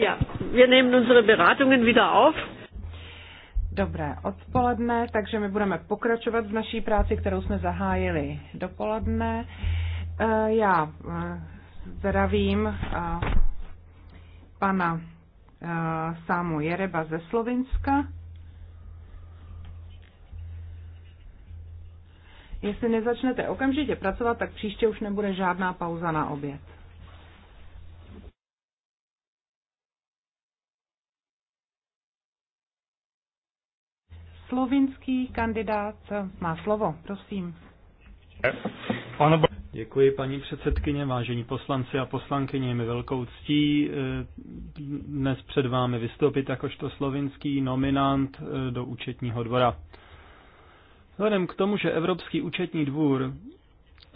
Ja, wir nehmen unsere Beratungen wieder auf. Dobré odpoledne, takže my budeme pokračovat v naší práci, kterou jsme zahájili dopoledne. Eh, já eh, zdravím eh, pana Sámu Jereba ze Slovinska. Jestli nezačnete okamžitě pracovat, tak příště už nebude žádná pauza na oběd. slovinský kandidát má slovo. Prosím. Děkuji, paní předsedkyně, vážení poslanci a poslankyně. Mi velkou ctí eh, dnes před vámi vystoupit jakožto slovinský nominant eh, do účetního dvora. Vzhledem k tomu, že Evropský účetní dvůr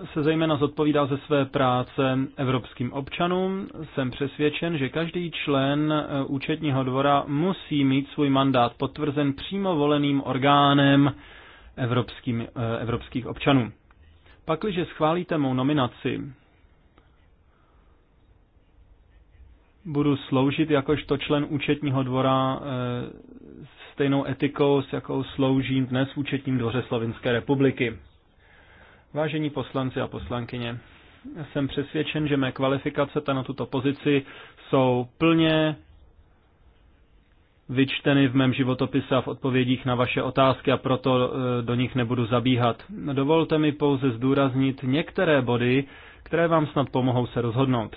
se zejména zodpovídá ze své práce evropským občanům. Jsem přesvědčen, že každý člen e, účetního dvora musí mít svůj mandát potvrzen přímo voleným orgánem evropským, e, evropských občanů. Pakliže schválíte mou nominaci, budu sloužit jakožto člen účetního dvora e, stejnou etikou, s jakou sloužím dnes v účetním dvoře Slovinské republiky. Vážení poslanci a poslankyně, jsem přesvědčen, že mé kvalifikace na tuto pozici jsou plně vyčteny v mém životopise a v odpovědích na vaše otázky a proto e, do nich nebudu zabíhat. Dovolte mi pouze zdůraznit některé body, které vám snad pomohou se rozhodnout.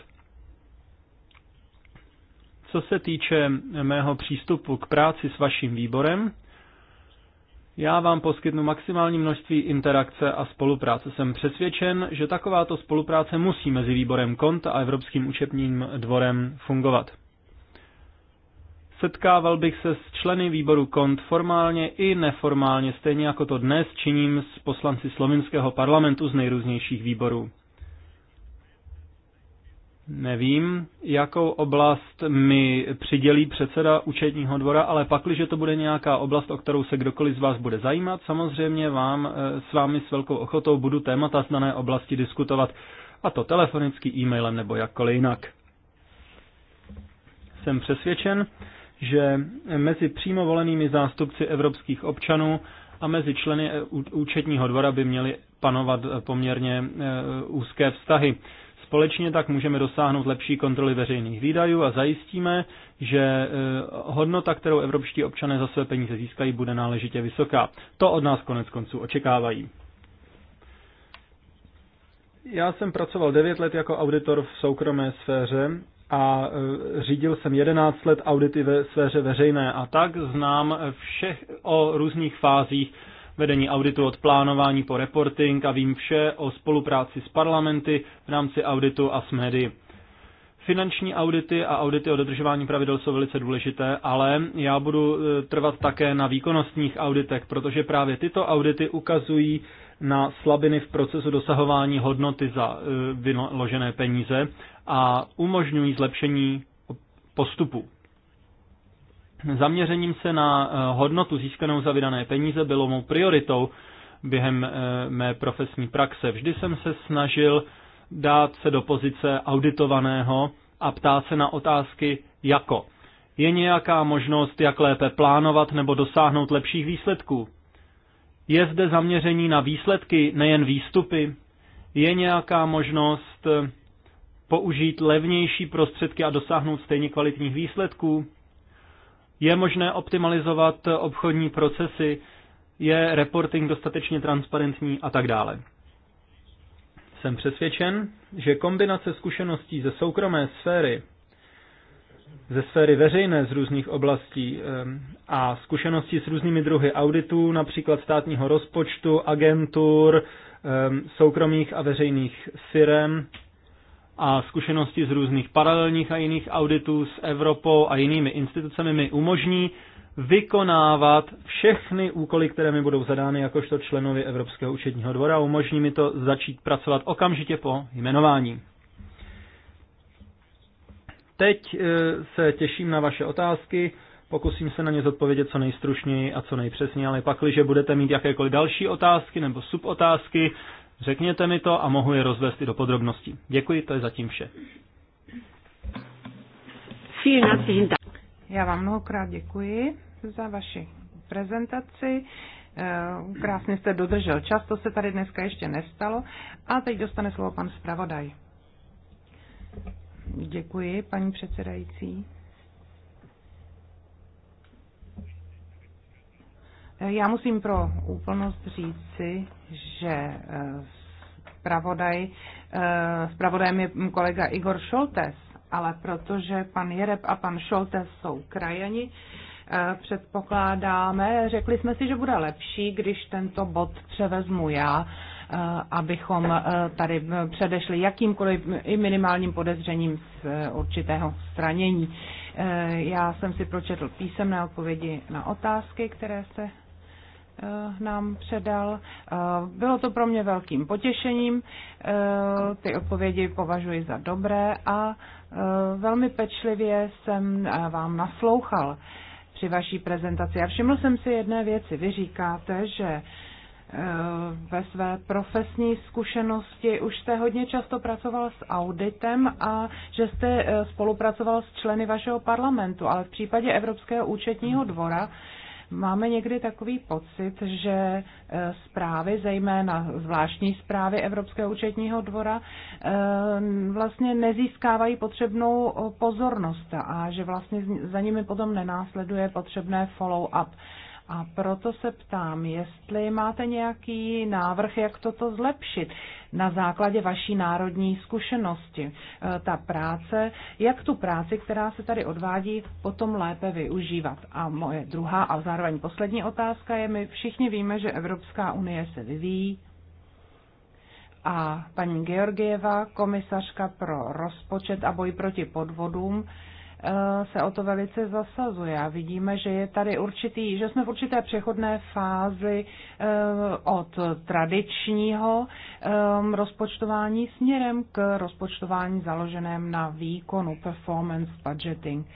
Co se týče mého přístupu k práci s vaším výborem, já vám poskytnu maximální množství interakce a spolupráce. Jsem přesvědčen, že takováto spolupráce musí mezi výborem KONT a Evropským účetním dvorem fungovat. Setkával bych se s členy výboru KONT formálně i neformálně, stejně jako to dnes činím s poslanci slovinského parlamentu z nejrůznějších výborů. Nevím, jakou oblast mi přidělí předseda účetního dvora, ale pakliže to bude nějaká oblast, o kterou se kdokoliv z vás bude zajímat, samozřejmě vám eh, s vámi s velkou ochotou budu témata z dané oblasti diskutovat, a to telefonicky, e-mailem nebo jakkoliv jinak. Jsem přesvědčen, že mezi přímo volenými zástupci evropských občanů a mezi členy eh, účetního dvora by měly panovat eh, poměrně úzké vztahy. Společně tak můžeme dosáhnout lepší kontroly veřejných výdajů a zajistíme, že eh, hodnota, kterou evropští občané za své peníze získají, bude náležitě vysoká. To od nás konec konců očekávají. Já jsem pracoval 9 let jako auditor v soukromé sféře a eh, řídil jsem 11 let audity ve sféře veřejné a tak znám eh, všech o různých fázích vedení auditu od plánování po reporting a vím vše o spolupráci s parlamenty v rámci auditu a s médií. Finanční audity a audity o dodržování pravidel jsou velice důležité, ale já budu e, trvat také na výkonnostních auditech, protože právě tyto audity ukazují na slabiny v procesu dosahování hodnoty za e, vyložené peníze a umožňují zlepšení postupu. Zaměřením se na eh, hodnotu získanou za vydané peníze bylo mou prioritou během eh, mé profesní praxe. Vždy jsem se snažil dát se do pozice auditovaného a ptát se na otázky jako je nějaká možnost, jak lépe plánovat nebo dosáhnout lepších výsledků? Je zde zaměření na výsledky, nejen výstupy? Je nějaká možnost eh, použít levnější prostředky a dosáhnout stejně kvalitních výsledků? Je možné optimalizovat obchodní procesy, je reporting dostatečně transparentní a tak dále. Jsem přesvědčen, že kombinace zkušeností ze soukromé sféry, ze sféry veřejné z různých oblastí a zkušeností s různými druhy auditů, například státního rozpočtu, agentur, soukromých a veřejných firm, a zkušenosti z různých paralelních a jiných auditů s Evropou a jinými institucemi mi umožní vykonávat všechny úkoly, které mi budou zadány jakožto členovi Evropského účetního dvora a umožní mi to začít pracovat okamžitě po jmenování. Teď e, se těším na vaše otázky, pokusím se na ně zodpovědět co nejstručněji a co nejpřesněji, ale pakliže budete mít jakékoliv další otázky nebo subotázky, Řekněte mi to a mohu je rozvést i do podrobností. Děkuji, to je zatím vše. Já vám mnohokrát děkuji za vaši prezentaci. Eh, krásně jste dodržel čas, to se tady dneska ještě nestalo. A teď dostane slovo pan zpravodaj. Děkuji, paní předsedající. Já musím pro úplnost říci, že eh, zpravodaj, eh, zpravodajem je kolega Igor Šoltes, ale protože pan Jereb a pan Šoltes jsou krajani, eh, předpokládáme, řekli jsme si, že bude lepší, když tento bod převezmu já, abychom tady předešli jakýmkoliv i minimálním podezřením z určitého stranění. Já jsem si pročetl písemné odpovědi na otázky, které se Eh, nám předal. Eh, bylo to pro mě velkým potěšením. Eh, ty odpovědi považuji za dobré a velmi pečlivě jsem vám naslouchal při vaší prezentaci. A všiml jsem si jedné věci. Vy říkáte, že ve své profesní zkušenosti už jste hodně často pracoval s auditem a že jste spolupracoval s členy vašeho parlamentu, ale v případě Evropského účetního dvora Máme někdy takový pocit, že eh, zprávy, zejména zvláštní zprávy Evropského účetního dvora, eh, vlastně nezískávají potřebnou pozornost a že vlastně za nimi potom nenásleduje potřebné follow-up. A proto se ptám, jestli máte nějaký návrh, jak toto zlepšit na základě vaší národní zkušenosti. E, ta práce, jak tu práci, která se tady odvádí, potom lépe využívat. A moje druhá a zároveň poslední otázka je, my všichni víme, že Evropská unie se vyvíjí, a paní Georgieva, komisařka pro rozpočet a boj proti podvodům, Eh, se o to velice zasazuje a vidíme, že je tady určitý, že jsme v určité přechodné fázi eh, od tradičního eh, rozpočtování směrem k rozpočtování založeném na výkonu, performance budgeting.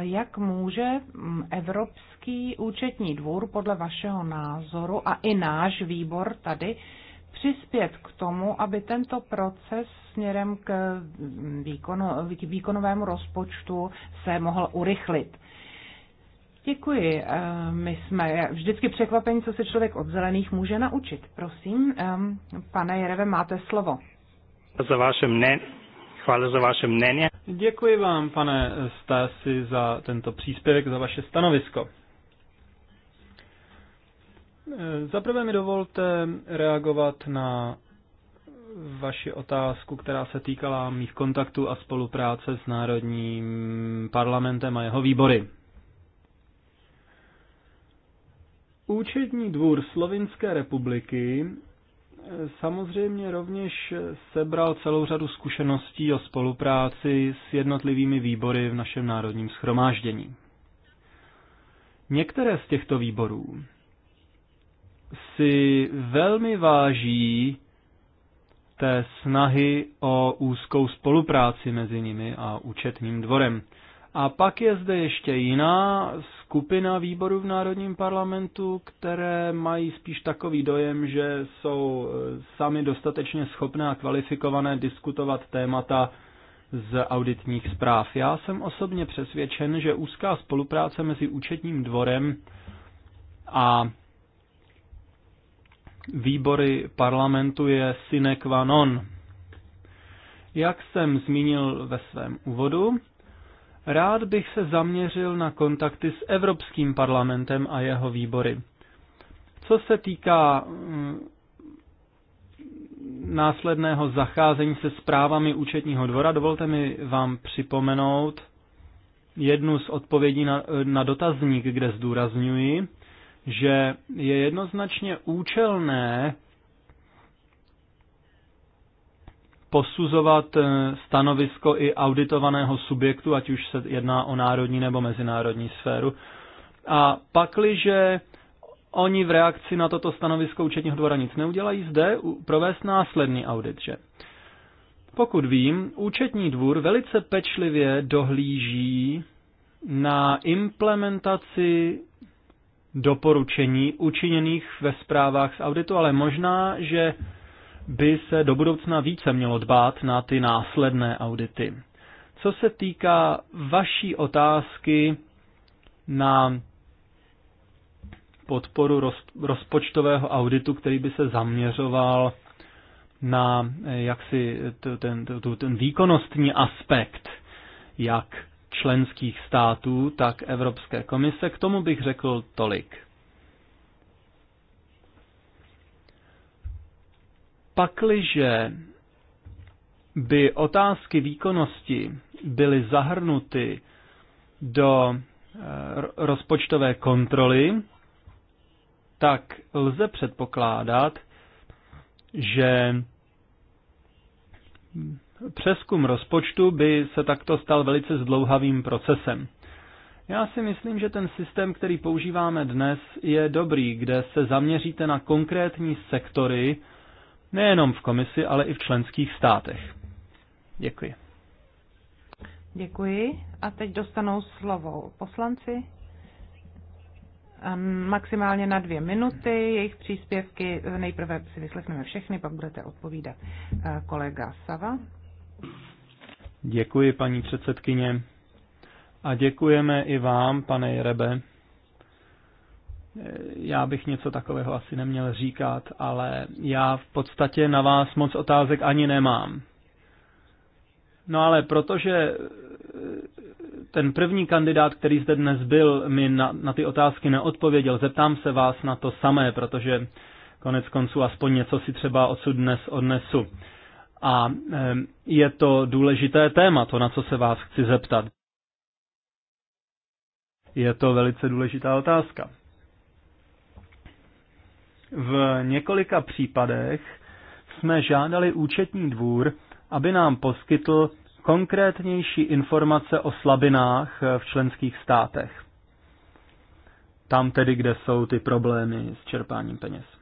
Jak může mm, Evropský účetní dvůr podle vašeho názoru a i náš výbor tady přispět k tomu, aby tento proces směrem k, výkonu, k výkonovému rozpočtu se mohl urychlit. Děkuji. Eh, my jsme vždycky překvapení, co se člověk od zelených může naučit. Prosím, pane Jereve, máte slovo. Za vaše mne... Chvále za vaše mnení. Děkuji vám, pane Stasi, za tento příspěvek, za vaše stanovisko. Eh, zaprvé mi dovolte reagovat na vaši otázku, která se týkala mých kontaktů a spolupráce s Národním parlamentem a jeho výbory. Účetní dvůr Slovinské republiky eh, samozřejmě rovněž sebral celou řadu zkušeností o spolupráci s jednotlivými výbory v našem národním schromáždění. Některé z těchto výborů si velmi váží té snahy o úzkou spolupráci mezi nimi a účetním dvorem. A pak je zde ještě jiná skupina výborů v Národním parlamentu, které mají spíš takový dojem, že jsou eh, sami dostatečně schopné a kvalifikované diskutovat témata z auditních zpráv. Já jsem osobně přesvědčen, že úzká spolupráce mezi účetním dvorem a výbory parlamentu je sine qua non. Jak jsem zmínil ve svém úvodu, rád bych se zaměřil na kontakty s Evropským parlamentem a jeho výbory. Co se týká mm, následného zacházení se zprávami účetního dvora, dovolte mi vám připomenout jednu z odpovědí na, na dotazník, kde zdůrazňuji, že je jednoznačně účelné posuzovat eh, stanovisko i auditovaného subjektu, ať už se jedná o národní nebo mezinárodní sféru. A pakliže oni v reakci na toto stanovisko účetního dvora nic neudělají, zde provést následný audit, že? Pokud vím, účetní dvůr velice pečlivě dohlíží na implementaci doporučení učiněných ve zprávách z auditu, ale možná, že by se do budoucna více mělo dbát na ty následné audity. Co se týká vaší otázky na podporu rozpočtového auditu, který by se zaměřoval na eh, jaksi ten, ten, ten výkonnostní aspekt, jak členských států, tak Evropské komise. K tomu bych řekl tolik. Pakliže by otázky výkonnosti byly zahrnuty do eh, rozpočtové kontroly, tak lze předpokládat, že Přeskum rozpočtu by se takto stal velice zdlouhavým procesem. Já si myslím, že ten systém, který používáme dnes, je dobrý, kde se zaměříte na konkrétní sektory, nejenom v komisi, ale i v členských státech. Děkuji. Děkuji. A teď dostanou slovo poslanci. Ehm, maximálně na dvě minuty jejich příspěvky. Eh, nejprve si vyslechneme všechny, pak budete odpovídat eh, kolega Sava. Děkuji, paní předsedkyně. A děkujeme i vám, pane Jerebe. Já bych něco takového asi neměl říkat, ale já v podstatě na vás moc otázek ani nemám. No ale protože eh, ten první kandidát, který zde dnes byl, mi na, na ty otázky neodpověděl, zeptám se vás na to samé, protože konec konců aspoň něco si třeba odsud dnes odnesu. A je to důležité téma, to, na co se vás chci zeptat. Je to velice důležitá otázka. V několika případech jsme žádali účetní dvůr, aby nám poskytl konkrétnější informace o slabinách v členských státech. Tam tedy, kde jsou ty problémy s čerpáním peněz.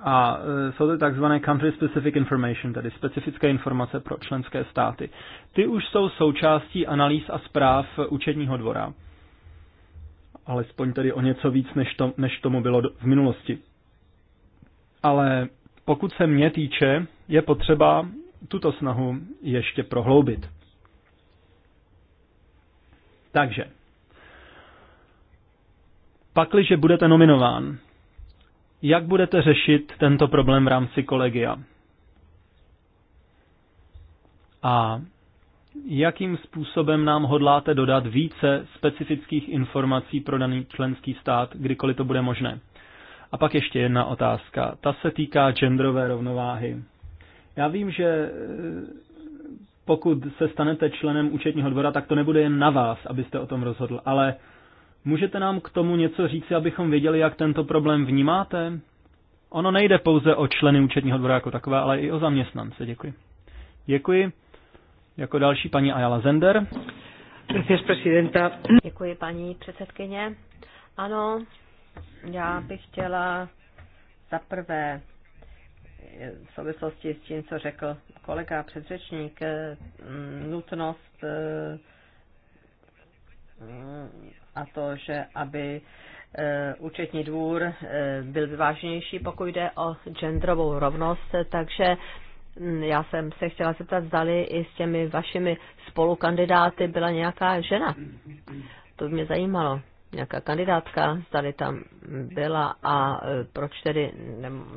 A e, jsou to takzvané country specific information, tedy specifické informace pro členské státy. Ty už jsou součástí analýz a zpráv účetního dvora. Alespoň tedy o něco víc, než, to, než tomu bylo v minulosti. Ale pokud se mě týče, je potřeba tuto snahu ještě prohloubit. Takže, pakliže budete nominován, jak budete řešit tento problém v rámci kolegia? A jakým způsobem nám hodláte dodat více specifických informací pro daný členský stát, kdykoliv to bude možné? A pak ještě jedna otázka. Ta se týká genderové rovnováhy. Já vím, že eh, pokud se stanete členem účetního dvora, tak to nebude jen na vás, abyste o tom rozhodl, ale Můžete nám k tomu něco říci, abychom věděli, jak tento problém vnímáte? Ono nejde pouze o členy účetního dvora jako takové, ale i o zaměstnance. Děkuji. Děkuji. Jako další paní Ayala Zender. Děkuji, paní předsedkyně. Ano, já bych chtěla za prvé eh, v souvislosti s tím, co řekl kolega předřečník, eh, nutnost eh, a to, že aby e, účetní dvůr e, byl vyváženější, pokud jde o genderovou rovnost, takže mm, já jsem se chtěla zeptat, zdali i s těmi vašimi spolukandidáty byla nějaká žena. To by mě zajímalo. Nějaká kandidátka, zdali tam byla a e, proč tedy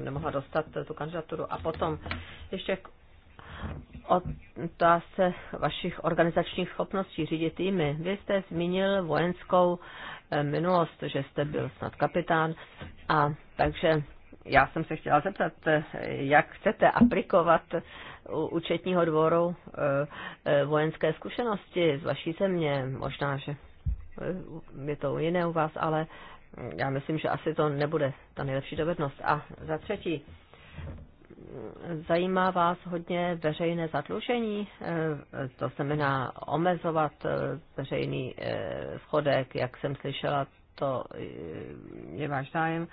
nemohla dostat tu kandidaturu. A potom ještě k otázce vašich organizačních schopností řídit týmy. Vy jste zmínil vojenskou eh, minulost, že jste byl snad kapitán a takže já jsem se chtěla zeptat, eh, jak chcete aplikovat u účetního dvoru eh, vojenské zkušenosti z vaší země. Možná, že je to jiné u vás, ale já myslím, že asi to nebude ta nejlepší dovednost. A za třetí, zajímá vás hodně veřejné zadlužení, eh, to znamená omezovat eh, veřejný eh, schodek, jak jsem slyšela, to je váš zájem.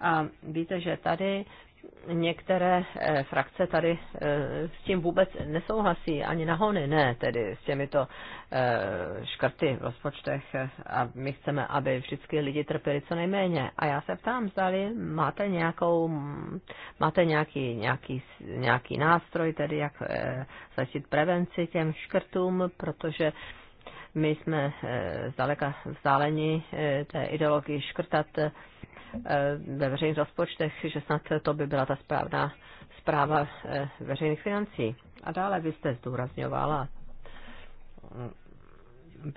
A víte, že tady některé eh, frakce tady eh, s tím vůbec nesouhlasí, ani nahony ne, tedy s těmito eh, škrty v rozpočtech a my chceme, aby vždycky lidi trpěli co nejméně. A já se ptám, zdali máte nějakou, máte nějaký, nějaký, nějaký nástroj, tedy jak začít prevenci těm škrtům, protože my jsme zdaleka vzdáleni té ideologii škrtat Eh, ve veřejných rozpočtech, že snad to by byla ta správná zpráva eh, veřejných financí. A dále vy jste zdůrazňovala, mm,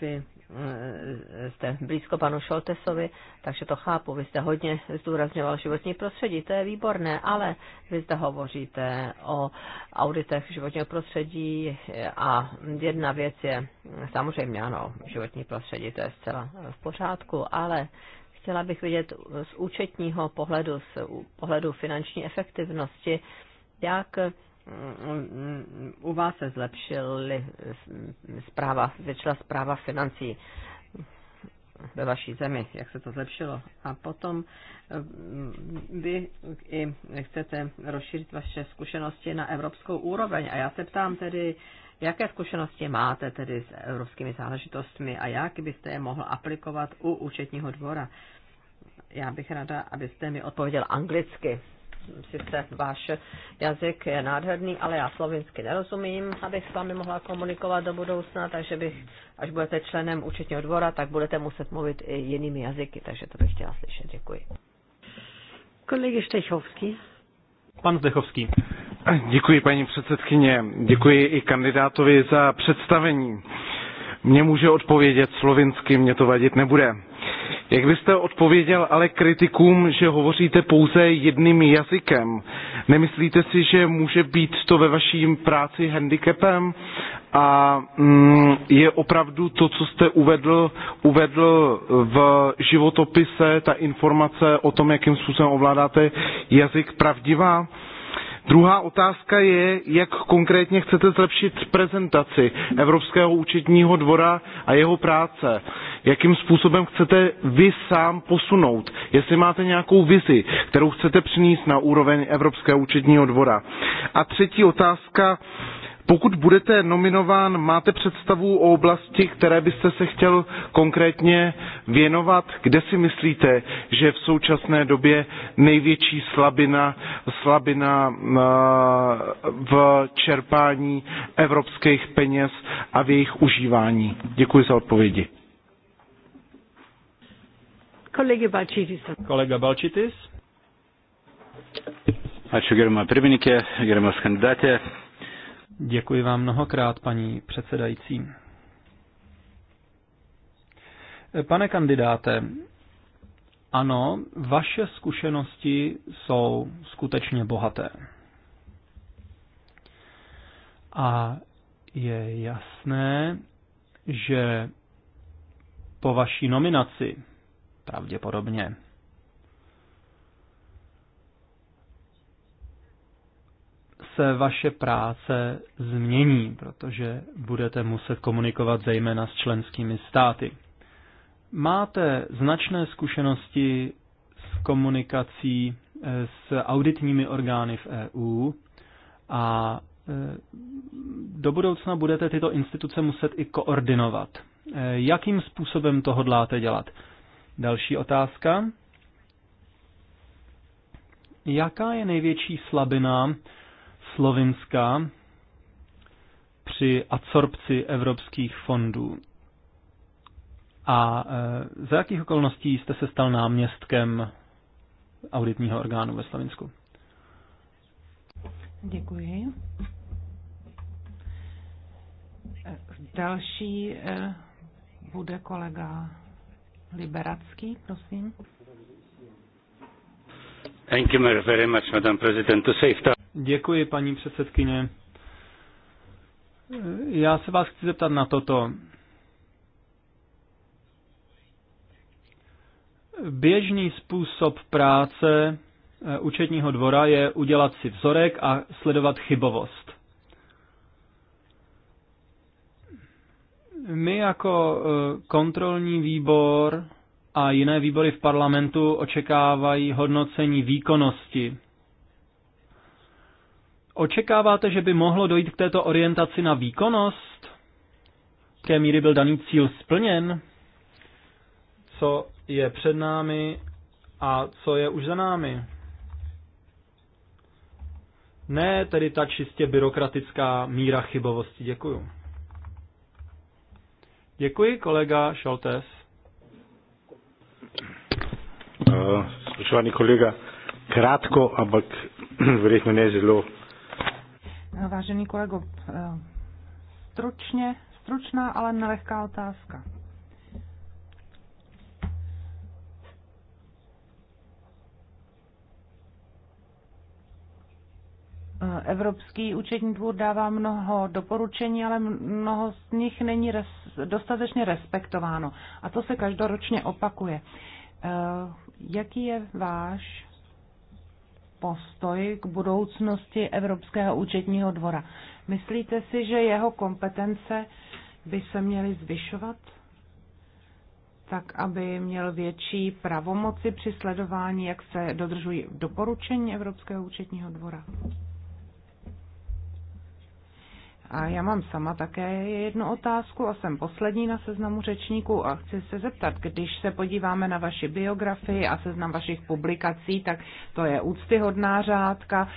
vy eh, jste blízko panu Šoltesovi, takže to chápu. Vy jste hodně zdůrazňoval životní prostředí, to je výborné, ale vy zde hovoříte o auditech životního prostředí a jedna věc je, samozřejmě ano, životní prostředí, to je zcela v pořádku, ale chtěla bych vidět z účetního pohledu, z pohledu finanční efektivnosti, jak mm, u vás se zlepšily zpráva, zvětšila zpráva financí ve vaší zemi, jak se to zlepšilo. A potom mm, vy i chcete rozšířit vaše zkušenosti na evropskou úroveň. A já se ptám tedy, Jaké zkušenosti máte tedy s evropskými záležitostmi a jak byste je mohl aplikovat u účetního dvora? Já bych ráda, abyste mi odpověděl anglicky. Sice váš jazyk je nádherný, ale já slovinsky nerozumím, abych s vámi mohla komunikovat do budoucna, takže bych, až budete členem účetního dvora, tak budete muset mluvit i jinými jazyky, takže to bych chtěla slyšet. Děkuji. Kolega Štechovský. Pan Zdechovský. Děkuji paní předsedkyně, děkuji i kandidátovi za představení. Mně může odpovědět slovinsky, mě to vadit nebude. Jak byste odpověděl ale kritikům, že hovoříte pouze jedným jazykem? Nemyslíte si, že může být to ve vaší práci handicapem? A mm, je opravdu to, co jste uvedl, uvedl v životopise, ta informace o tom, jakým způsobem ovládáte jazyk, pravdivá? Druhá otázka je, jak konkrétně chcete zlepšit prezentaci Evropského účetního dvora a jeho práce. Jakým způsobem chcete vy sám posunout, jestli máte nějakou vizi, kterou chcete přinést na úroveň Evropského účetního dvora. A třetí otázka, pokud budete nominován, máte představu o oblasti, které byste se chtěl konkrétně věnovat? Kde si myslíte, že je v současné době největší slabina, slabina eh, v čerpání evropských peněz a v jejich užívání? Děkuji za odpovědi. Kolega Balčitis. Kolega Balčitis. Ačiū gerima pirmininkė, gerimas kandidatė. Děkuji vám mnohokrát, paní předsedající. Pane kandidáte, ano, vaše zkušenosti jsou skutečně bohaté. A je jasné, že po vaší nominaci pravděpodobně se vaše práce změní, protože budete muset komunikovat zejména s členskými státy. Máte značné zkušenosti s komunikací eh, s auditními orgány v EU a eh, do budoucna budete tyto instituce muset i koordinovat. Eh, jakým způsobem to hodláte dělat? Další otázka. Jaká je největší slabina Slovinska při absorpci evropských fondů. A e, za jakých okolností jste se stal náměstkem auditního orgánu ve Slovensku? Děkuji. Další e, bude kolega Liberacký, prosím. Thank you very much, Madam President, to save time. Děkuji, paní předsedkyně. Já se vás chci zeptat na toto. Běžný způsob práce eh, účetního dvora je udělat si vzorek a sledovat chybovost. My jako eh, kontrolní výbor a jiné výbory v parlamentu očekávají hodnocení výkonnosti Očekáváte, že by mohlo dojít k této orientaci na výkonnost? V té míry byl daný cíl splněn? Co je před námi a co je už za námi? Ne tedy ta čistě byrokratická míra chybovosti. Děkuju. Děkuji, kolega Šoltes. Eh, Spoštovani kolega, kratko, ampak verjetno ne zelo Vážený kolego, eh, stručně, stručná, ale nelehká otázka. Eh, Evropský účetní dvůr dává mnoho doporučení, ale mnoho z nich není res, dostatečně respektováno. A to se každoročně opakuje. Eh, jaký je váš postoj k budoucnosti Evropského účetního dvora. Myslíte si, že jeho kompetence by se měly zvyšovat? tak aby měl větší pravomoci při sledování, jak se dodržují doporučení Evropského účetního dvora. A já mám sama také jednu otázku a jsem poslední na seznamu řečníků a chci se zeptat, když se podíváme na vaši biografii a seznam vašich publikací, tak to je úctyhodná řádka,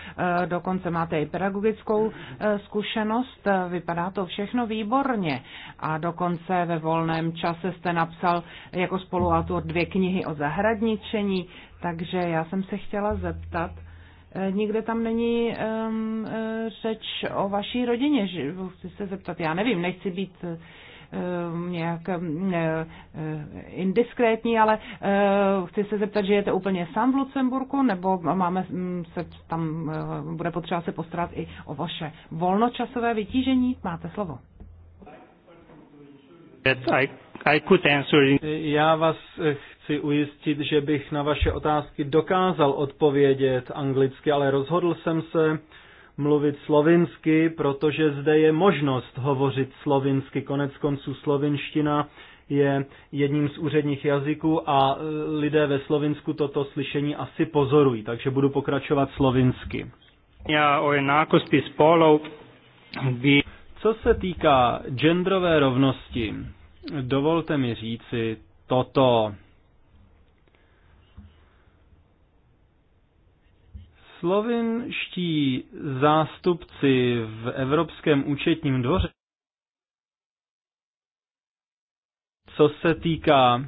eh, dokonce máte i pedagogickou eh, zkušenost, eh, vypadá to všechno výborně a dokonce ve volném čase jste napsal jako spoluautor dvě knihy o zahradničení, takže já jsem se chtěla zeptat, Eh, nikde tam není um, řeč o vaší rodině. Že, chci se zeptat, já nevím, nechci být um, nějak um, indiskrétní, ale uh, chci se zeptat, že jete úplně sám v Lucemburku, nebo máme mm, se tam, uh, bude potřeba se postarat i o vaše volnočasové vytížení? Máte slovo. Já vás chci ujistit, že bych na vaše otázky dokázal odpovědět anglicky, ale rozhodl jsem se mluvit slovinsky, protože zde je možnost hovořit slovinsky. Konec konců slovinština je jedním z úředních jazyků a e, lidé ve Slovinsku toto slyšení asi pozorují, takže budu pokračovat slovinsky. Já o jednákosti spolu by... Co se týká genderové rovnosti, dovolte mi říci toto. slovinští zástupci v Evropském účetním dvoře, co se týká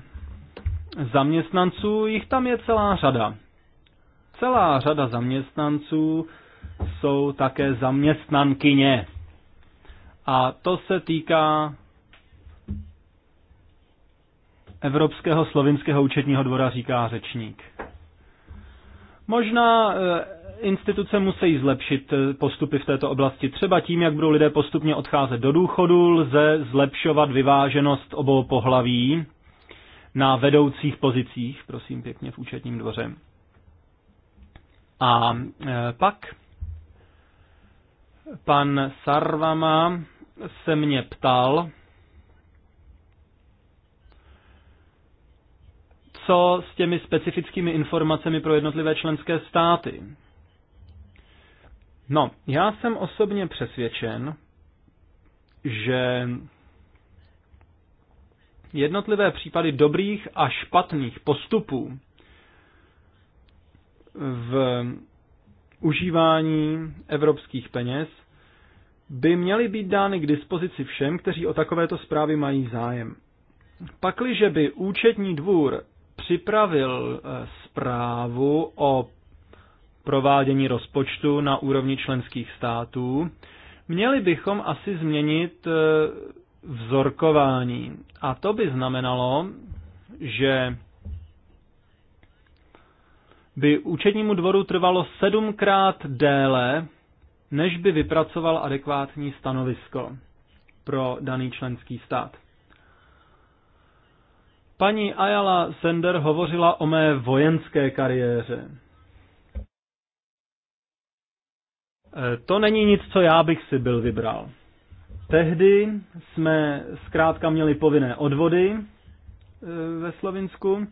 zaměstnanců, jich tam je celá řada. Celá řada zaměstnanců jsou také zaměstnankyně. A to se týká Evropského slovinského účetního dvora, říká řečník. Možná eh, instituce musí zlepšit eh, postupy v této oblasti. Třeba tím, jak budou lidé postupně odcházet do důchodu, lze zlepšovat vyváženost obou pohlaví na vedoucích pozicích, prosím pěkně, v účetním dvoře. A eh, pak pan Sarvama se mě ptal co s těmi specifickými informacemi pro jednotlivé členské státy. No, já jsem osobně přesvědčen, že jednotlivé případy dobrých a špatných postupů v užívání evropských peněz by měly být dány k dispozici všem, kteří o takovéto zprávy mají zájem. Pakliže by účetní dvůr připravil eh, zprávu o provádění rozpočtu na úrovni členských států, měli bychom asi změnit eh, vzorkování. A to by znamenalo, že by účetnímu dvoru trvalo sedmkrát déle, než by vypracoval adekvátní stanovisko pro daný členský stát. Paní Ayala Sender hovořila o mé vojenské kariéře. E, to není nic, co já bych si byl vybral. Tehdy jsme zkrátka měli povinné odvody e, ve Slovinsku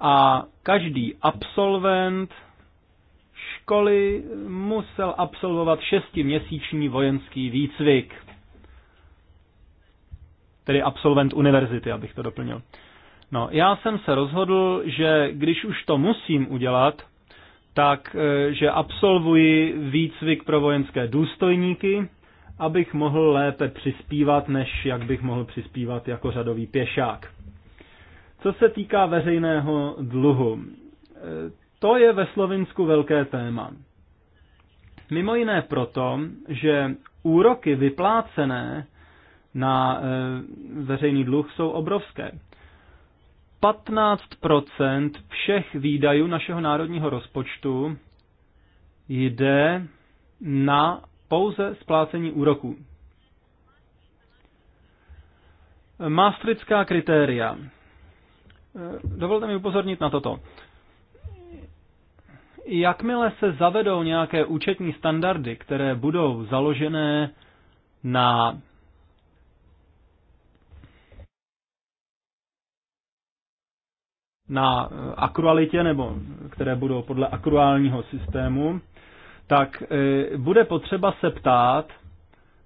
a každý absolvent školy musel absolvovat šestiměsíční vojenský výcvik tedy absolvent univerzity, abych to doplnil. No, já jsem se rozhodl, že když už to musím udělat, tak eh, že absolvuji výcvik pro vojenské důstojníky, abych mohl lépe přispívat, než jak bych mohl přispívat jako řadový pěšák. Co se týká veřejného dluhu, eh, to je ve Slovinsku velké téma. Mimo jiné proto, že úroky vyplácené na eh, veřejný dluh jsou obrovské. 15 všech výdajů našeho národního rozpočtu jde na pouze splácení úroků. Maastrichtská kritéria. Eh, dovolte mi upozornit na toto. Jakmile se zavedou nějaké účetní standardy, které budou založené na na akrualitě, nebo které budou podle akruálního systému, tak e, bude potřeba se ptát,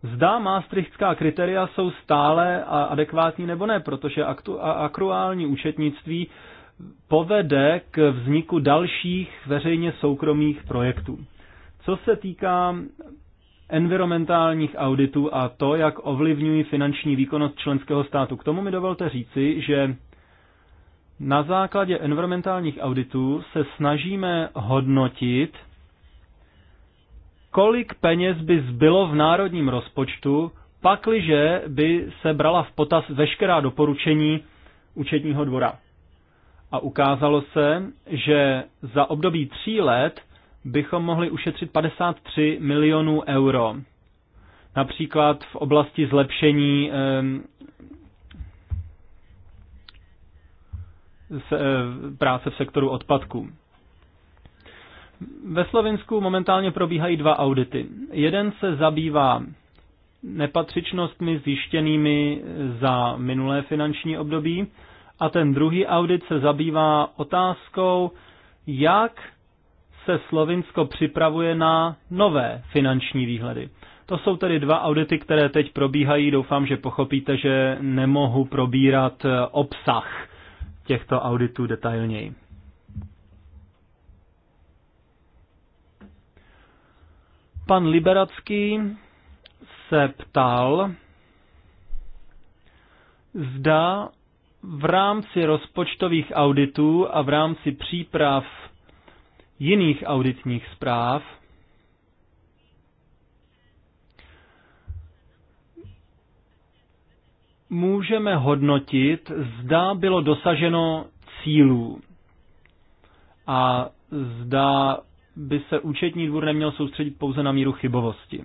zda maastrichtská kritéria jsou stále a adekvátní nebo ne, protože aktu- akruální účetnictví povede k vzniku dalších veřejně soukromých projektů. Co se týká environmentálních auditů a to, jak ovlivňují finanční výkonnost členského státu, k tomu mi dovolte říci, že na základě environmentálních auditů se snažíme hodnotit, kolik peněz by zbylo v národním rozpočtu, pakliže by se brala v potaz veškerá doporučení účetního dvora. A ukázalo se, že za období tří let bychom mohli ušetřit 53 milionů euro. Například v oblasti zlepšení se, eh, práce v sektoru odpadků. Ve Slovinsku momentálně probíhají dva audity. Jeden se zabývá nepatřičnostmi zjištěnými za minulé finanční období a ten druhý audit se zabývá otázkou, jak se Slovinsko připravuje na nové finanční výhledy. To jsou tedy dva audity, které teď probíhají. Doufám, že pochopíte, že nemohu probírat eh, obsah těchto auditů detailněji. Pan Liberacký se ptal, zda v rámci rozpočtových auditů a v rámci příprav jiných auditních zpráv můžeme hodnotit, zda bylo dosaženo cílů a zda by se účetní dvůr neměl soustředit pouze na míru chybovosti.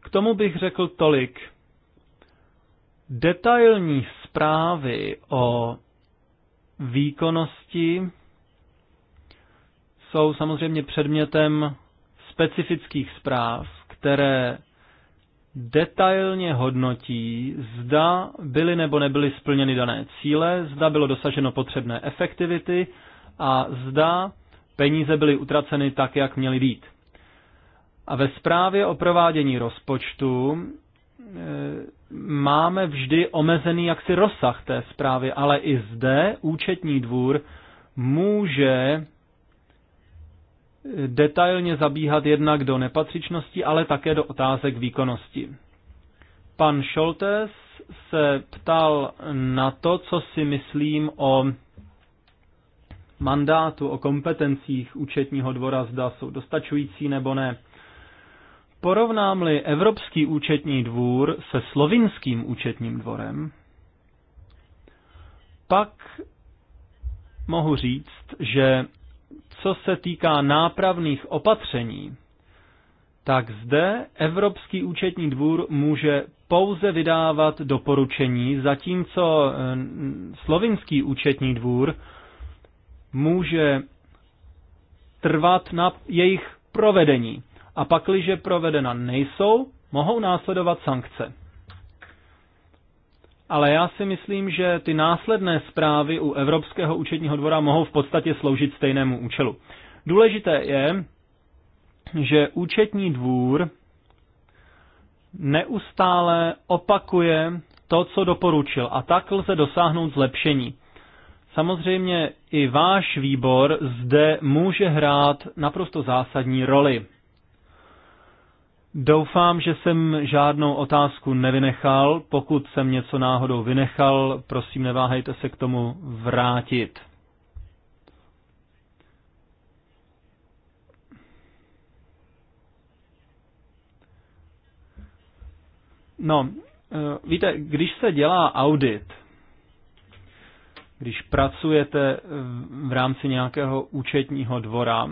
K tomu bych řekl tolik. Detailní zprávy o výkonnosti jsou samozřejmě předmětem specifických zpráv, které detailně hodnotí, zda byly nebo nebyly splněny dané cíle, zda bylo dosaženo potřebné efektivity a zda peníze byly utraceny tak, jak měly být. A ve zprávě o provádění rozpočtu eh, máme vždy omezený jaksi rozsah té zprávy, ale i zde účetní dvůr může detailně zabíhat jednak do nepatřičnosti, ale také do otázek výkonnosti. Pan Šoltes se ptal na to, co si myslím o mandátu, o kompetencích účetního dvora, zda jsou dostačující nebo ne. Porovnám-li Evropský účetní dvůr se slovinským účetním dvorem, pak mohu říct, že co se týká nápravných opatření, tak zde Evropský účetní dvůr může pouze vydávat doporučení, zatímco eh, slovinský účetní dvůr může trvat na jejich provedení. A pakliže provedena nejsou, mohou následovat sankce ale já si myslím, že ty následné zprávy u Evropského účetního dvora mohou v podstatě sloužit stejnému účelu. Důležité je, že účetní dvůr neustále opakuje to, co doporučil a tak lze dosáhnout zlepšení. Samozřejmě i váš výbor zde může hrát naprosto zásadní roli. Doufám, že jsem žádnou otázku nevynechal. Pokud jsem něco náhodou vynechal, prosím, neváhejte se k tomu vrátit. No, eh, víte, když se dělá audit, když pracujete v rámci nějakého účetního dvora,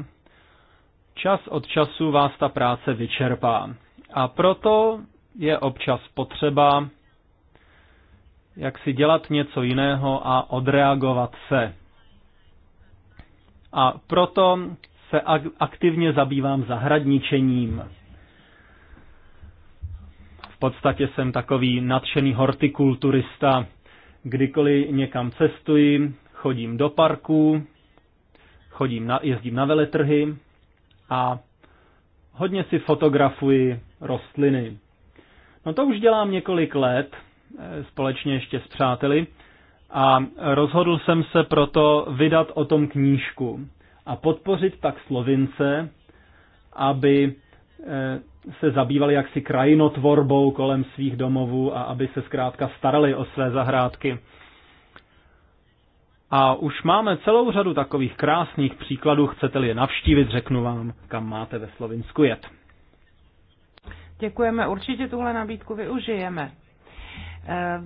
Čas od času vás ta práce vyčerpá. A proto je občas potřeba jak si dělat něco jiného a odreagovat se. A proto se aktivně zabývám zahradničením. V podstatě jsem takový nadšený hortikulturista. Kdykoliv někam cestuji, chodím do parku, chodím na, jezdím na veletrhy a hodně si fotografuji rostliny. No to už dělám několik let, eh, společně ještě s přáteli, a rozhodl jsem se proto vydat o tom knížku a podpořit tak Slovince, aby eh, se zabývali jaksi krajinotvorbou kolem svých domovů a aby se zkrátka starali o své zahrádky. A už máme celou řadu takových krásných příkladů, chcete-li je navštívit, řeknu vám, kam máte ve Slovinsku jet. Děkujeme, určitě tuhle nabídku využijeme. E,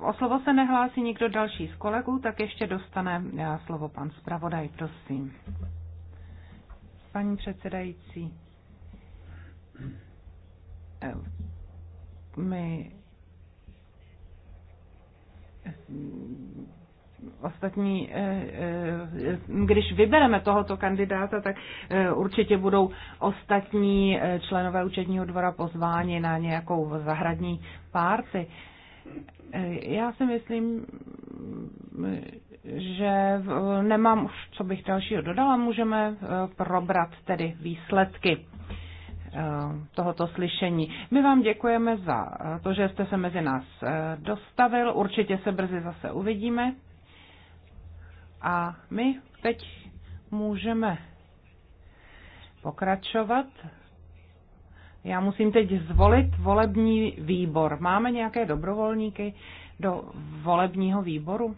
o slovo se nehlásí nikdo další z kolegů, tak ještě dostane já e, slovo pan zpravodaj, prosím. Paní předsedající, e, my ostatní, eh, eh, když vybereme tohoto kandidáta, tak eh, určitě budou ostatní členové účetního dvora pozváni na nějakou zahradní párty. Já si myslím, že nemám už, co bych dalšího dodala, můžeme probrat tedy výsledky tohoto slyšení. My vám děkujeme za to, že jste se mezi nás dostavil. Určitě se brzy zase uvidíme. A my teď můžeme pokračovat. Já musím teď zvolit volební výbor. Máme nějaké dobrovolníky do volebního výboru?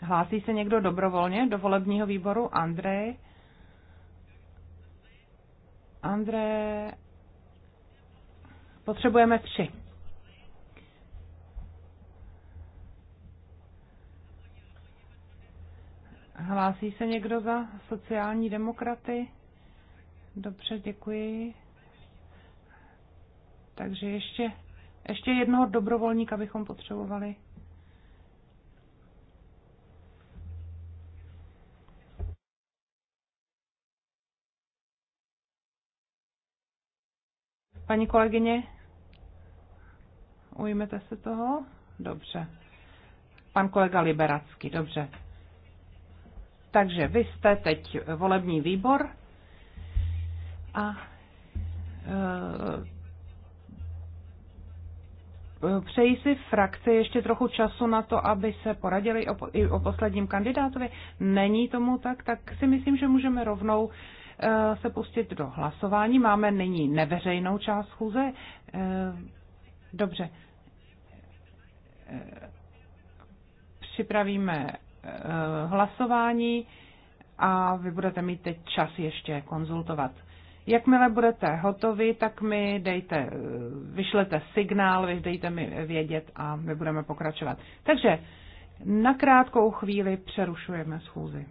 Hlásí se někdo dobrovolně do volebního výboru? Andrej? Andrej, potřebujeme tři. Hlásí se někdo za sociální demokraty? Dobře, děkuji. Takže ještě, ještě jednoho dobrovolníka bychom potřebovali. Paní kolegyně, ujmete se toho? Dobře. Pan kolega Liberacký, dobře. Takže vy jste teď volební výbor a e, Přeji si frakce ještě trochu času na to, aby se poradili o, i o posledním kandidátovi. Není tomu tak, tak si myslím, že můžeme rovnou e, se pustit do hlasování. Máme nyní neveřejnou část schůze. E, dobře. Připravíme Eh, hlasování a vy budete mít teď čas ještě konzultovat. Jakmile budete hotovi, tak mi dejte, eh, vyšlete signál, vy dejte mi vědět a my budeme pokračovat. Takže na krátkou chvíli přerušujeme schůzi.